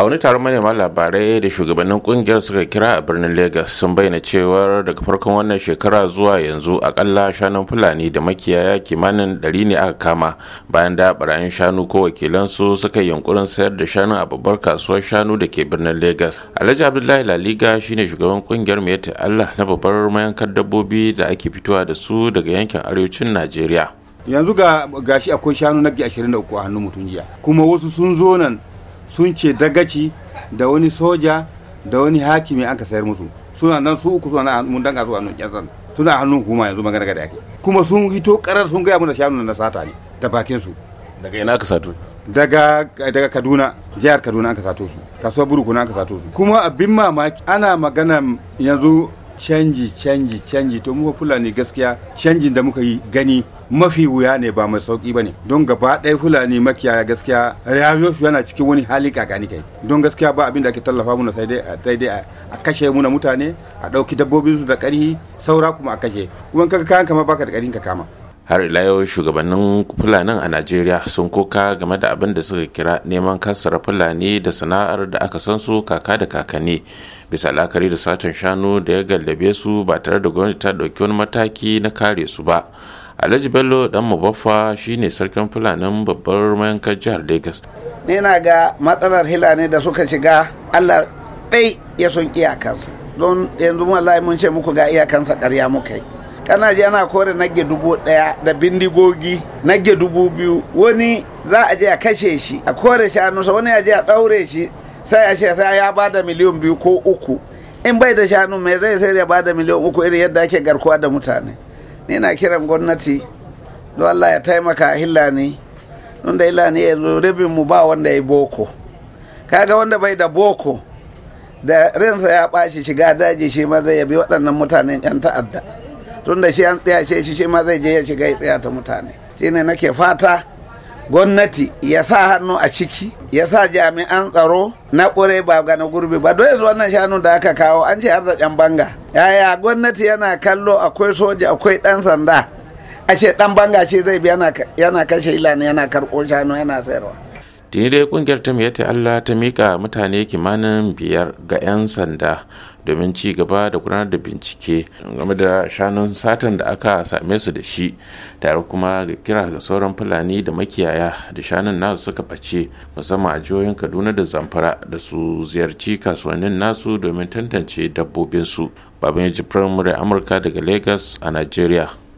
a wani taron manema labarai da shugabannin kungiyar suka kira a birnin lagos sun bayyana cewar daga farkon wannan shekara zuwa yanzu akalla shanun fulani da makiyaya kimanin ɗari ne aka kama bayan da barayin shanu ko wakilansu suka yunkurin sayar da shanu a babbar kasuwar shanu da ke birnin lagos alhaji abdullahi laliga shine shugaban kungiyar mai allah na babbar mayankar dabbobi da ake fitowa da su daga yankin arewacin najeriya yanzu ga gashi akwai shanu da 23 a hannun mutum jiya kuma wasu sun zo nan sun ce dagaci da wani soja da wani hakimi aka sayar musu suna nan su uku suna mun danga su hannun san suna hannun kuma, yanzu magana ga da yake kuma sun hito karar sun gaya mana shanu na sata ne da bakin su daga ina ka sato daga daga Kaduna jihar Kaduna aka sato su kasuwar n'a aka sato su kuma abin mamaki ana magana yanzu canji canji canji to muka fulani gaskiya canjin da muka yi gani mafi wuya ne ba mai sauki ba ne don gaba ɗaya fulani makiyaya gaskiya rayuwa su yana cikin wani hali kakani kai don gaskiya ba abin da ake tallafa muna sai dai a kashe muna mutane a ɗauki dabbobin su da ƙarhi saura kuma a kashe kuma kaga kayan kama baka da ƙarhin ka kama har ila yau shugabannin fulanin a najeriya sun koka game da abin da suka kira neman kassara fulani da sana'ar da aka san su kaka da kakanni bisa la'akari da satan shanu da ya gallabe su ba tare da gwamnati ta ɗauki wani mataki na kare su ba alhaji bello dan mubaffa shine sarkin fulanin babbar mayankar jihar lagos ni na ga matsalar hilani da suka shiga allah ɗai ya sun iyakansa don yanzu wallahi mun ce muku ga iyakansa ƙarya muka yi kana ji ana kore nage dubu ɗaya da bindigogi nage dubu biyu wani za a je a kashe shi a kore shanunsa wani a je a ɗaure shi sai a ce sai ya ba da miliyan biyu ko uku in bai da shanu mai zai sai ya ba da miliyan uku irin yadda ake garkuwa da mutane ni na kiran gwamnati don allah ya taimaka hillani don da hillani yanzu rabin mu ba wanda ya boko kaga wanda bai da boko da rinsa ya bashi shiga daji shi ma zai yabi waɗannan mutanen yan ta'adda tunda da shi an tsaya shi shi ma zai je ya shiga ya tsaya ta mutane shine nake fata gwamnati ya sa hannu a ciki ya sa jami'an tsaro na ƙure ba ga na gurbi ba don yanzu wannan shanu da aka kawo an ce har da ɗan banga yaya gwamnati yana kallo akwai soja akwai ɗan sanda a ce ɗan banga shi zai bi yana kashe ilani yana karɓo shanu yana sayarwa tuni dai kungiyar ta ta allah ta mika mutane kimanin biyar ga 'yan sanda domin ci gaba da gudanar da bincike game da shanun satan da aka same su da shi tare kuma ga kira ga sauran fulani da makiyaya da shanun nasu suka ɓace musamman a jihohin kaduna da zamfara da su ziyarci kasuwannin nasu domin tantance dabbobinsu babin jibrin murai amurka daga Legas a nigeria